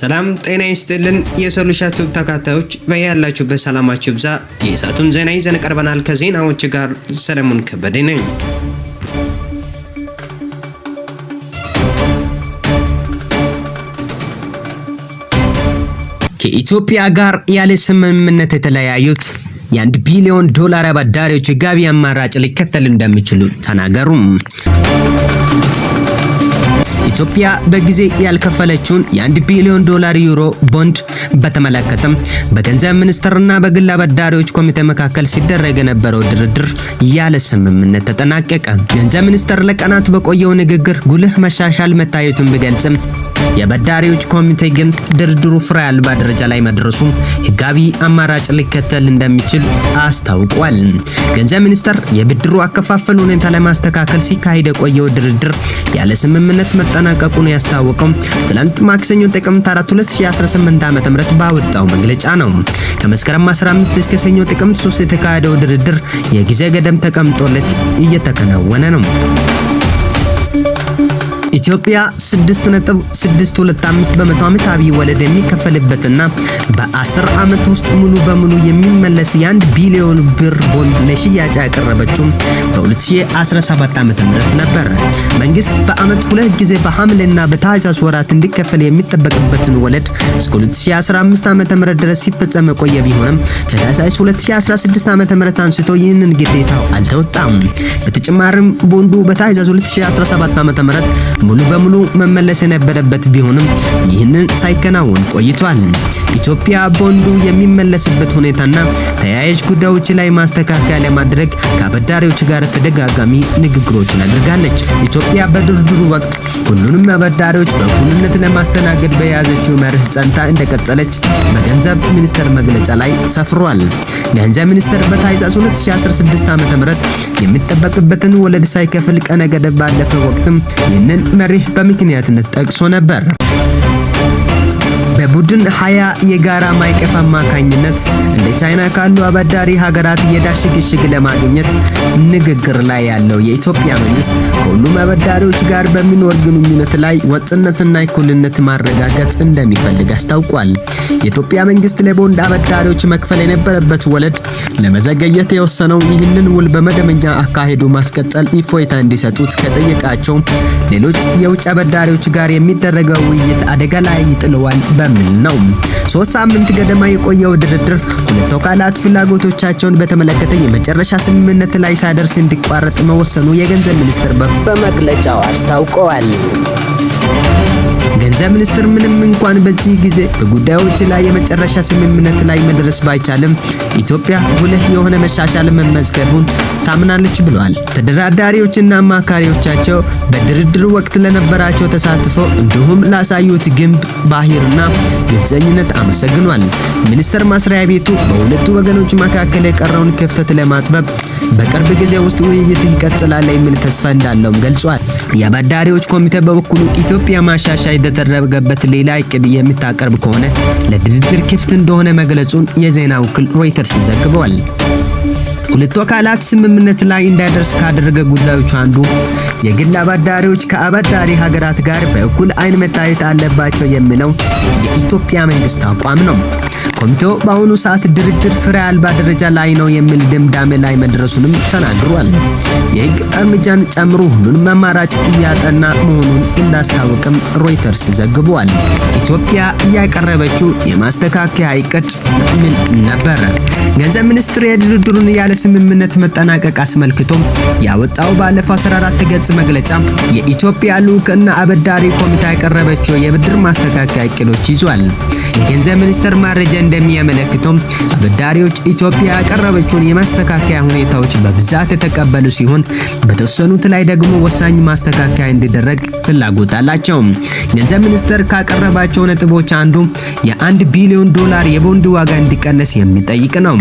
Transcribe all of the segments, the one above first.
ሰላም ጤና ይስጥልን። የሶሉሻ ቱብ ተካታዮች በያላችሁበት ሰላማችሁ ብዛ። የእሳቱን ዜና ይዘን ቀርበናል። ከዜናዎች ጋር ሰለሞን ከበደ ነኝ። ከኢትዮጵያ ጋር ያለ ስምምነት የተለያዩት የአንድ ቢሊዮን ዶላር አበዳሪዎች የጋቢ አማራጭ ሊከተል እንደሚችሉ ተናገሩም። ኢትዮጵያ በጊዜ ያልከፈለችውን የአንድ ቢሊዮን ዶላር ዩሮ ቦንድ በተመለከተም በገንዘብ ሚኒስትርና በግል አበዳሪዎች ኮሚቴ መካከል ሲደረግ የነበረው ድርድር ያለ ስምምነት ተጠናቀቀ። ገንዘብ ሚኒስትር ለቀናት በቆየው ንግግር ጉልህ መሻሻል መታየቱን ቢገልጽም የበዳሪዎች ኮሚቴ ግን ድርድሩ ፍሬ አልባ ደረጃ ላይ መድረሱ ሕጋዊ አማራጭ ሊከተል እንደሚችል አስታውቋል። ገንዘብ ሚኒስቴር የብድሩ አከፋፈል ሁኔታ ለማስተካከል ሲካሄድ የቆየው ድርድር ያለ ስምምነት መጠናቀቁን ማጠናቀቁን ያስታወቀው ትላንት ማክሰኞ ጥቅምት 4 2018 ዓ.ም ባወጣው መግለጫ ነው። ከመስከረም 15 እስከ ሰኞ ጥቅምት 3 የተካሄደው ድርድር የጊዜ ገደም ተቀምጦለት እየተከናወነ ነው። ኢትዮጵያ 6.625 በመቶ ዓመት አብይ ወለድ የሚከፈልበትና በ10 ዓመት ውስጥ ሙሉ በሙሉ የሚመለስ የአንድ ቢሊዮን ብር ቦንድ ለሽያጭ ያቀረበችው በ2017 ዓ.ም ነበር። መንግስት በዓመት ሁለት ጊዜ በሐምሌና በታህሳስ ወራት እንዲከፈል የሚጠበቅበትን ወለድ እስከ 2015 ዓ.ም ድረስ ሲፈጸም የቆየ ቢሆንም ከታህሳስ 2016 ዓ.ም አንስቶ ይህንን ግዴታ አልተወጣም። በተጨማሪም ቦንዱ በታህሳስ 2017 ዓ.ም ሙሉ በሙሉ መመለስ የነበረበት ቢሆንም ይህንን ሳይከናወን ቆይቷል። ኢትዮጵያ ቦንዱ የሚመለስበት ሁኔታና ተያያዥ ጉዳዮች ላይ ማስተካከያ ለማድረግ ከአበዳሪዎች ጋር ተደጋጋሚ ንግግሮችን አድርጋለች። ኢትዮጵያ በድርድሩ ወቅት ሁሉንም አበዳሪዎች በእኩልነት ለማስተናገድ በያዘችው መርህ ጸንታ እንደቀጠለች በገንዘብ ሚኒስቴር መግለጫ ላይ ሰፍሯል። ገንዘብ ሚኒስቴር በታህሳስ 2016 ዓ.ም የሚጠበቅበትን ወለድ ሳይከፍል ቀነ ገደብ ባለፈ ወቅትም ይህንን መርህ በምክንያትነት ጠቅሶ ነበር። ቡድን ሀያ የጋራ ማይቀፍ አማካኝነት እንደ ቻይና ካሉ አበዳሪ ሀገራት የዕዳ ለማግኘት ንግግር ላይ ያለው የኢትዮጵያ መንግስት ከሁሉም አበዳሪዎች ጋር በሚኖር ግንኙነት ላይ ወጥነትና እኩልነት ማረጋገጥ እንደሚፈልግ አስታውቋል። የኢትዮጵያ መንግስት ለቦንድ አበዳሪዎች መክፈል የነበረበት ወለድ ለመዘገየት የወሰነው ይህንን ውል በመደበኛ አካሄዱ ማስቀጠል ኢፎይታ እንዲሰጡት ከጠየቃቸው ሌሎች የውጭ አበዳሪዎች ጋር የሚደረገው ውይይት አደጋ ላይ ይጥለዋል በሚል ነው። ሶስት ሳምንት ገደማ የቆየው ድርድር ሁለት አካላት ፍላጎቶቻቸውን በተመለከተ የመጨረሻ ስምምነት ላይ ሳይደርስ እንዲቋረጥ መወሰኑ የገንዘብ ሚኒስትር በመግለጫው አስታውቀዋል። ገንዘብ ሚኒስትር ምንም እንኳን በዚህ ጊዜ በጉዳዮች ላይ የመጨረሻ ስምምነት ላይ መድረስ ባይቻልም ኢትዮጵያ ጉልህ የሆነ መሻሻል መመዝገቡን ታምናለች ብለዋል። ተደራዳሪዎችና አማካሪዎቻቸው በድርድሩ ወቅት ለነበራቸው ተሳትፎ እንዲሁም ላሳዩት ግንብ ባህርና ግልጸኝነት አመሰግኗል። ሚኒስቴር መስሪያ ቤቱ በሁለቱ ወገኖች መካከል የቀረውን ክፍተት ለማጥበብ በቅርብ ጊዜ ውስጥ ውይይት ይቀጥላል የሚል ተስፋ እንዳለውም ገልጿል። የአበዳሪዎች ኮሚቴ በበኩሉ ኢትዮጵያ ማሻሻያ የተደረገበት ሌላ እቅድ የምታቀርብ ከሆነ ለድርድር ክፍት እንደሆነ መግለጹን የዜና ወኪል ሮይተርስ ዘግበዋል። ሁለቱ አካላት ስምምነት ላይ እንዳይደርስ ካደረገ ጉዳዮች አንዱ የግል አበዳሪዎች ከአበዳሪ ሀገራት ጋር በእኩል አይን መታየት አለባቸው የሚለው የኢትዮጵያ መንግስት አቋም ነው። ኮሚቴው በአሁኑ ሰዓት ድርድር ፍሬ አልባ ደረጃ ላይ ነው የሚል ድምዳሜ ላይ መድረሱንም ተናግሯል። የህግ እርምጃን ጨምሮ ሁሉንም አማራጭ እያጠና መሆኑን እንዳስታወቅም ሮይተርስ ዘግቧል። ኢትዮጵያ እያቀረበችው የማስተካከያ እቅድ ምን ነበረ? ገንዘብ ሚኒስቴር የድርድሩን ያለ ስምምነት መጠናቀቅ አስመልክቶም ያወጣው ባለፈው 14 ገጽ መግለጫ የኢትዮጵያ ልዑክና አበዳሪ ኮሚቴ ያቀረበችው የብድር ማስተካከያ እቅዶች ይዟል። የገንዘብ ሚኒስቴር መረጃ እንደሚያመለክተው አበዳሪዎች ኢትዮጵያ ያቀረበችውን የማስተካከያ ሁኔታዎች በብዛት የተቀበሉ ሲሆን በተወሰኑት ላይ ደግሞ ወሳኝ ማስተካከያ እንዲደረግ ፍላጎት አላቸው። ገንዘብ ሚኒስቴር ካቀረባቸው ነጥቦች አንዱ የአንድ ቢሊዮን ዶላር የቦንድ ዋጋ እንዲቀነስ የሚጠይቅ ነው።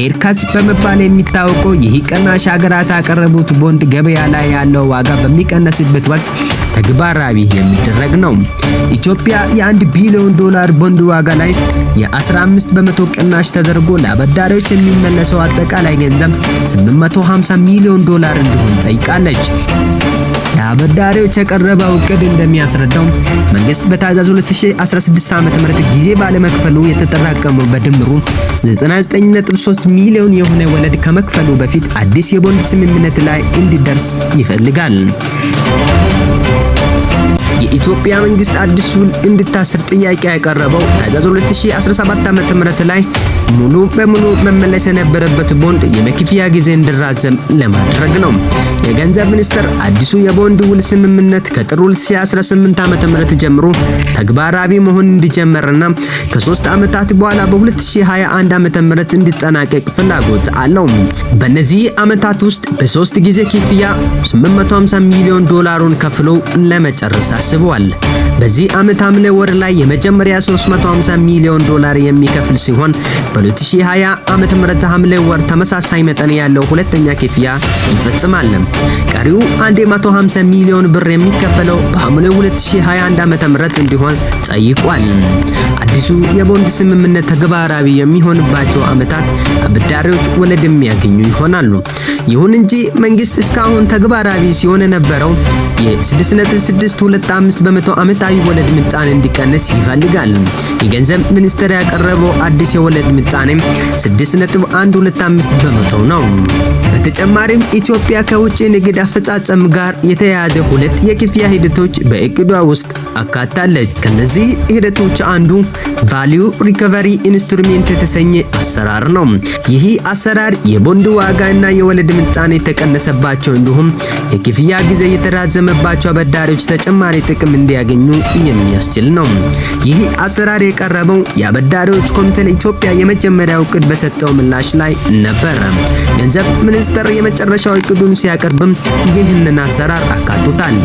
ሄርካት በመባል የሚታወቀው ይህ ቅናሽ ሀገራት ያቀረቡት ቦንድ ገበያ ላይ ያለው ዋጋ በሚቀነስበት ወቅት ተግባራዊ የሚደረግ ነው። ኢትዮጵያ የአንድ ቢሊዮን ዶላር ቦንድ ዋጋ ላይ የ15 በመቶ ቅናሽ ተደርጎ ለአበዳሪዎች የሚመለሰው አጠቃላይ ገንዘብ 850 ሚሊዮን ዶላር እንዲሆን ጠይቃለች። አበዳሪዎች የቀረበው እቅድ እንደሚያስረዳው መንግስት በታዛዙ 2016 ዓ.ም ጊዜ ባለመክፈሉ የተጠራቀሙ በድምሩ 99.3 ሚሊዮን የሆነ ወለድ ከመክፈሉ በፊት አዲስ የቦንድ ስምምነት ላይ እንዲደርስ ይፈልጋል። የኢትዮጵያ መንግስት አዲሱን እንድታስር ጥያቄ ያቀረበው ታዛዙ 2017 ዓ.ም ላይ ሙሉ በሙሉ መመለስ የነበረበት ቦንድ የመክፍያ ጊዜ እንዲራዘም ለማድረግ ነው። የገንዘብ ሚኒስቴር አዲሱ የቦንድ ውል ስምምነት ከጥር 2018 ዓ.ም ጀምሮ ተግባራዊ መሆን እንዲጀመርና ከሶስት ዓመታት በኋላ በ2021 ዓ.ም እንዲጠናቀቅ ፍላጎት አለው። በእነዚህ ዓመታት ውስጥ በሶስት ጊዜ ክፍያ 850 ሚሊዮን ዶላሩን ከፍሎ ለመጨረስ አስበዋል። በዚህ ዓመት ሐምሌ ወር ላይ የመጀመሪያ 350 ሚሊዮን ዶላር የሚከፍል ሲሆን በ2020 ዓመተ ምህረት ሐምሌ ወር ተመሳሳይ መጠን ያለው ሁለተኛ ክፍያ ይፈጽማል። ቀሪው 150 ሚሊዮን ብር የሚከፈለው በሐምሌ 2021 ዓመተ ምህረት እንዲሆን ጠይቋል። አዲሱ የቦንድ ስምምነት ተግባራዊ የሚሆንባቸው ዓመታት አበዳሪዎች ወለድ የሚያገኙ ይሆናሉ። ይሁን እንጂ መንግስት እስካሁን ተግባራዊ ሲሆን የነበረው የ6.625 በመቶ ዓመታዊ ወለድ ምጣኔ እንዲቀንስ ይፈልጋል። የገንዘብ ሚኒስቴር ያቀረበው አዲስ የወለድ ምጣኔም 6.125 በመቶ ነው። በተጨማሪም ኢትዮጵያ ከውጭ ንግድ አፈጻጸም ጋር የተያያዘ ሁለት የክፍያ ሂደቶች በእቅዷ ውስጥ አካታለች። ከነዚህ ሂደቶች አንዱ ቫሊዩ ሪኮቨሪ ኢንስትሩሜንት የተሰኘ አሰራር ነው። ይህ አሰራር የቦንድ ዋጋ እና የወለድ ምጣኔ የተቀነሰባቸው እንዲሁም የክፍያ ጊዜ የተራዘመባቸው አበዳሪዎች ተጨማሪ ጥቅም እንዲያገኙ የሚያስችል ነው። ይህ አሰራር የቀረበው የአበዳሪዎች ኮሚቴ ለኢትዮጵያ የመጀመሪያው እቅድ በሰጠው ምላሽ ላይ ነበረ። ገንዘብ ሚኒስቴር የመጨረሻው እቅዱን ሲያቀርብም ይህንን አሰራር አካቶታል።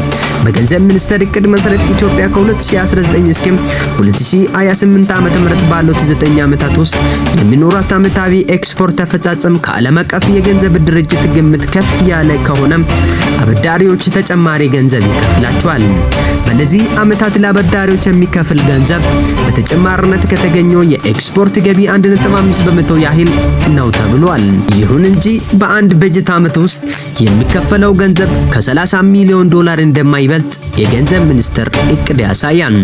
በገንዘብ ሚኒስቴር እቅድ መሰረት ኢትዮጵያ ኢትዮጵያ ከ2019 እስከ 2028 ዓመተ ምህረት ባሉት 9 ዓመታት ውስጥ የሚኖራት ዓመታዊ ኤክስፖርት ተፈጻጸም ከዓለም አቀፍ የገንዘብ ድርጅት ግምት ከፍ ያለ ከሆነ አበዳሪዎች ተጨማሪ ገንዘብ ይከፍላቸዋል። በእነዚህ ዓመታት ለአበዳሪዎች የሚከፍል ገንዘብ በተጨማሪነት ከተገኘው የኤክስፖርት ገቢ 1.5 በመቶ ያህል ነው ተብሏል። ይሁን እንጂ በአንድ በጀት ዓመት ውስጥ የሚከፈለው ገንዘብ ከ30 ሚሊዮን ዶላር እንደማይበልጥ የገንዘብ ሚኒስቴር እቅድ ያሳያል።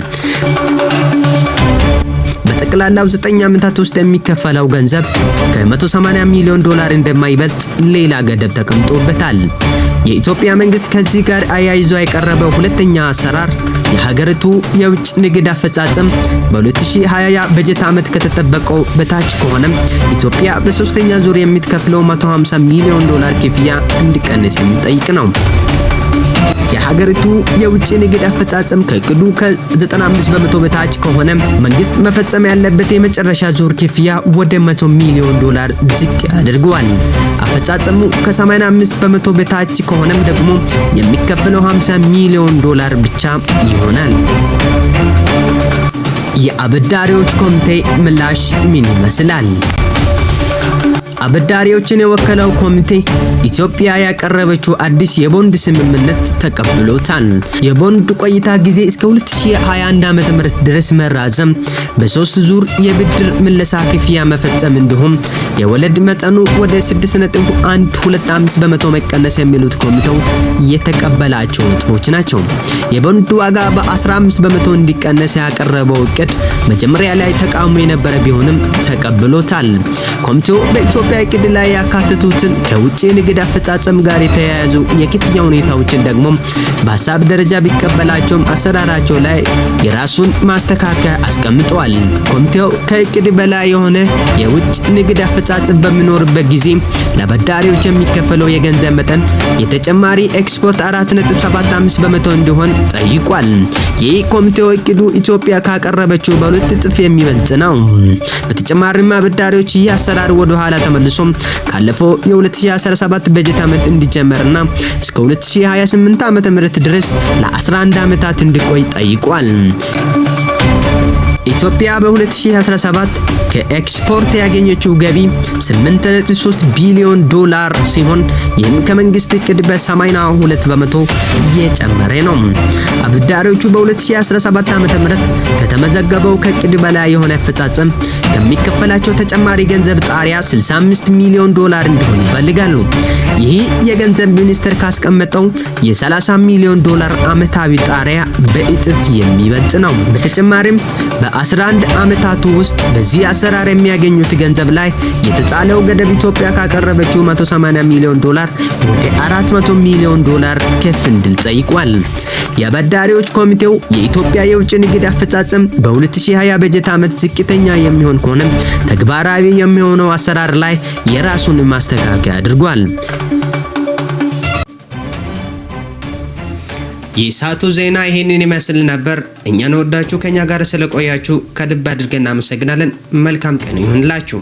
በጠቅላላው 9 ዓመታት ውስጥ የሚከፈለው ገንዘብ ከ180 ሚሊዮን ዶላር እንደማይበልጥ ሌላ ገደብ ተቀምጦበታል። የኢትዮጵያ መንግስት ከዚህ ጋር አያይዞ የቀረበው ሁለተኛ አሰራር የሀገሪቱ የውጭ ንግድ አፈጻጸም በ2020 በጀት ዓመት ከተጠበቀው በታች ከሆነም ኢትዮጵያ በሶስተኛ ዙር የምትከፍለው 150 ሚሊዮን ዶላር ክፍያ እንዲቀንስ የሚጠይቅ ነው። የሀገሪቱ የውጭ ንግድ አፈጻጸም ከእቅዱ ከ95 በመቶ በታች ከሆነ መንግስት መፈጸም ያለበት የመጨረሻ ዙር ክፍያ ወደ 100 ሚሊዮን ዶላር ዝቅ አድርገዋል። አፈጻጸሙ ከ85 በመቶ በታች ከሆነም ደግሞ የሚከፈለው 50 ሚሊዮን ዶላር ብቻ ይሆናል። የአበዳሪዎች ኮሚቴ ምላሽ ምን ይመስላል? አበዳሪዎችን የወከለው ኮሚቴ ኢትዮጵያ ያቀረበችው አዲስ የቦንድ ስምምነት ተቀብሎታል። የቦንድ ቆይታ ጊዜ እስከ 2021 ዓ.ም ድረስ መራዘም፣ በሶስት ዙር የብድር ምለሳ ክፍያ መፈጸም እንዲሁም የወለድ መጠኑ ወደ 6.125 በመቶ መቀነስ የሚሉት ኮሚቴው የተቀበላቸው ነጥቦች ናቸው። የቦንድ ዋጋ በ15 በመቶ እንዲቀነስ ያቀረበው እቅድ መጀመሪያ ላይ ተቃውሞ የነበረ ቢሆንም ተቀብሎታል። ኮሚቴው በኢትዮጵያ እቅድ ላይ ያካተቱትን ከውጭ ንግድ ከእቅድ አፈጻጸም ጋር የተያያዙ የክፍያ ሁኔታዎችን ደግሞ በሀሳብ ደረጃ ቢቀበላቸውም አሰራራቸው ላይ የራሱን ማስተካከያ አስቀምጠዋል። ኮሚቴው ከእቅድ በላይ የሆነ የውጭ ንግድ አፈጻጸም በሚኖርበት ጊዜ ለበዳሪዎች የሚከፈለው የገንዘብ መጠን የተጨማሪ ኤክስፖርት 4.75 በመቶ እንዲሆን ጠይቋል። ይህ ኮሚቴው እቅዱ ኢትዮጵያ ካቀረበችው በሁለት እጥፍ የሚበልጥ ነው። በተጨማሪም አበዳሪዎች ይህ አሰራር ወደ ኋላ ተመልሶ ካለፈው የ2017 2017 በጀት ዓመት እንዲጀመርና እስከ 2028 ዓ.ም ድረስ ለ11 ዓመታት እንዲቆይ ጠይቋል። ኢትዮጵያ በ2017 ከኤክስፖርት ያገኘችው ገቢ 8.3 ቢሊዮን ዶላር ሲሆን ይህም ከመንግስት እቅድ በ82 በመቶ እየጨመረ ነው። አበዳሪዎቹ በ2017 ም ከተመዘገበው ከእቅድ በላይ የሆነ አፈጻጸም ከሚከፈላቸው ተጨማሪ ገንዘብ ጣሪያ 65 ሚሊዮን ዶላር እንዲሆን ይፈልጋሉ። ይህ የገንዘብ ሚኒስቴር ካስቀመጠው የ30 ሚሊዮን ዶላር ዓመታዊ ጣሪያ በእጥፍ የሚበልጥ ነው። በተጨማሪም በ በ11 ዓመታቱ ውስጥ በዚህ አሰራር የሚያገኙት ገንዘብ ላይ የተጣለው ገደብ ኢትዮጵያ ካቀረበችው 180 ሚሊዮን ዶላር ወደ 400 ሚሊዮን ዶላር ከፍ እንዲል ጠይቋል። የአበዳሪዎች ኮሚቴው የኢትዮጵያ የውጭ ንግድ አፈጻጸም በ2020 በጀት ዓመት ዝቅተኛ የሚሆን ከሆነም ተግባራዊ የሚሆነው አሰራር ላይ የራሱን ማስተካከያ አድርጓል። የሰዓቱ ዜና ይህንን ይመስል ነበር። እኛን ወዳችሁ ከኛ ጋር ስለቆያችሁ ከልብ አድርገን እናመሰግናለን። መልካም ቀን ይሁንላችሁ።